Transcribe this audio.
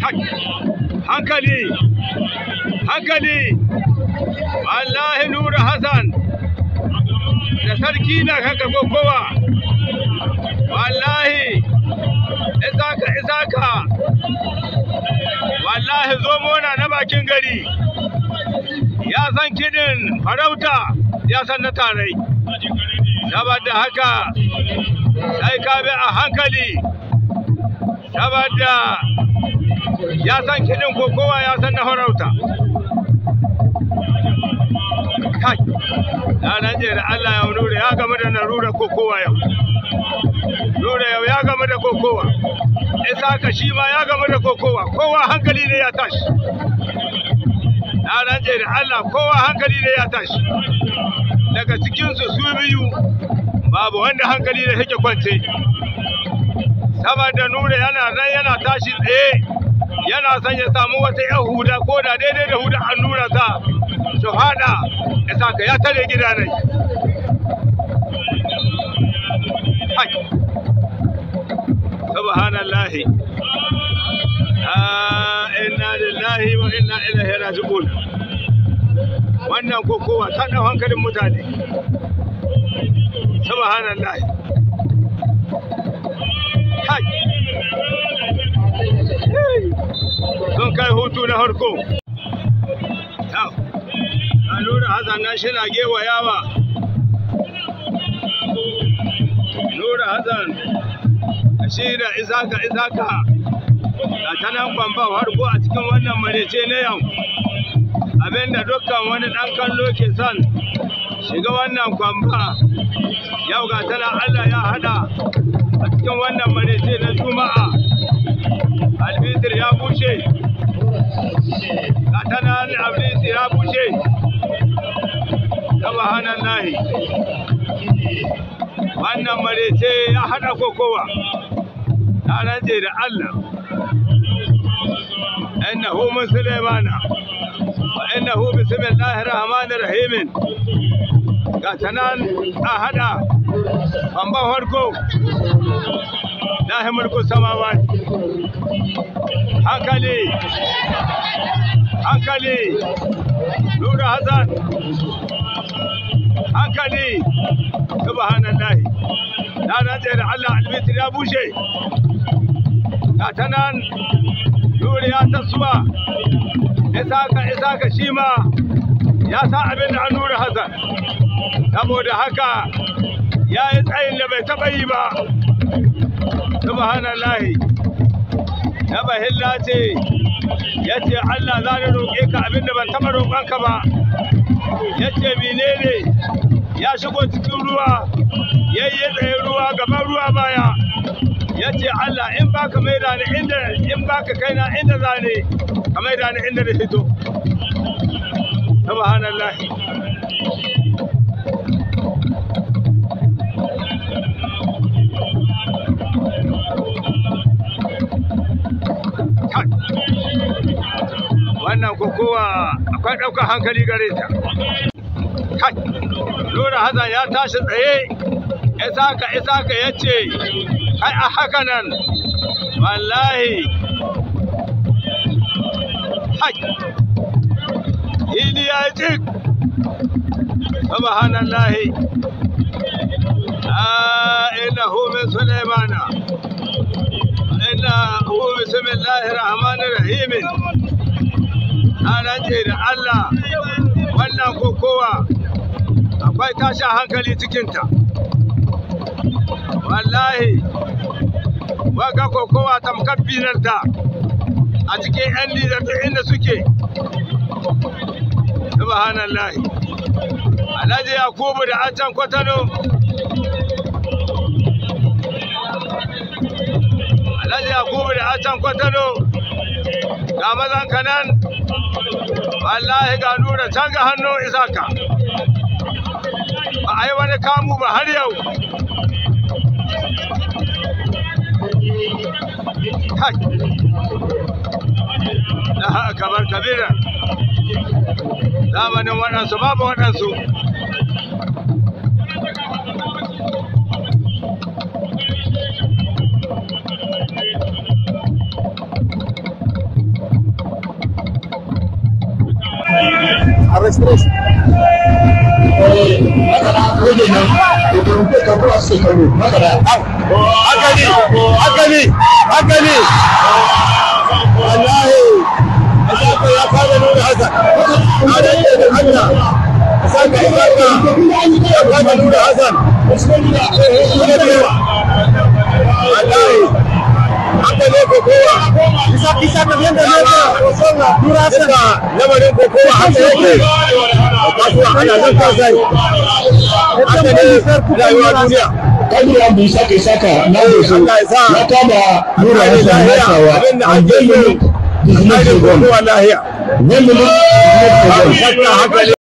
hankali hankali wallahi nura hassan da sarki na haka kokowa. wallahi isaka isaka wallahi zomo na na bakin gari ya san kiɗin farauta ya san na tarai saboda haka sai ka bi a hankali saboda ya san kiɗin ko kowa ya san na farauta kai na nan da Allah ya nure ya gama da rura ko kowa yau nure yau ya gama da kokowa sa-ka shi ma ya gama da kokowa kowa hankali ne ya tashi na nan da Allah kowa hankali ne ya tashi daga cikinsu su biyu babu wanda hankali ne yake kwance saboda nure yana nan yana tashi tsaye yana son ya samu wata yan huda ko da daidai da huda an allura sa su hada ya saka ya tare gida ne subhanallah inna lillahi wa inna ilaihi raji'un wannan kokowa ta dau hankalin mutane subhanallah hai mutu na harko ta nuna hazan nan gewa yawa nura hazan shi da izaka izaka da ta nan kwamban harko a cikin wannan marece na yau abinda dukkan wani ɗan kallo ke son shiga wannan kwamba yau ga tana Allah ya hada a cikin wannan marece na juma'a albidir ya bushe gata ni abin ya bushe ta bahanan nahi wannan marece ya haɗa kokowa ta rance da allah innahu min sulaimana wa innahu bismillahir rahmanir rahimin gata nan a haɗa bamban harko. lahi mulkun samawati hankali hankali nura hazan hankali subhanallahi na rantsa da Allah albitir ya bushe ta ta nan duriya ta suwa isaka isaka shi ma ya sa abin da an nura hazan saboda haka ya yi tsayin da bai taɓa yi ba subhanallahi na bahilla ce ya ce Allah za ni roƙe ka abin da ban taɓa ka ba ya ce menene ya shigo cikin ruwa ya yi tsaye ruwa gaban ruwa baya ya ce Allah in baka da ni inda in baka na inda za ni ka da ni inda da fito kowa akwai ɗaukar hankali gare ta kai Hassan hazan ya tashi tsaye isaka isaka ya ce kai a haka nan wallahi hai hili ya ji subhanallahi إنه ina سليمان إنه بسم الله الرحمن Rahimin. na rantse da Allah wannan kokowa akwai tashi hankali cikinta wallahi waka kokowa tamkar ta a cikin 'yan lidarta inda suke subhanallah alhaji yakubu da ajan kwatano alhaji yakubu da ajan can kwatano ga mazan kanan wallahi ga nura can ga hannun isaka ba a yi wani kamu ba har yau da kamar kabira zamanin waɗansu babu waɗansu express makana kone wallahi ya fara nuna hasan bisa bisa tafiyan da nesa dura sana lamarin kokowa haka yake a kasuwa ana nan kasai haka ne rayuwa duniya kabir abu saka saka na wasu ya taba nura hasan nasawa a gaimin disney gom gaimin disney gom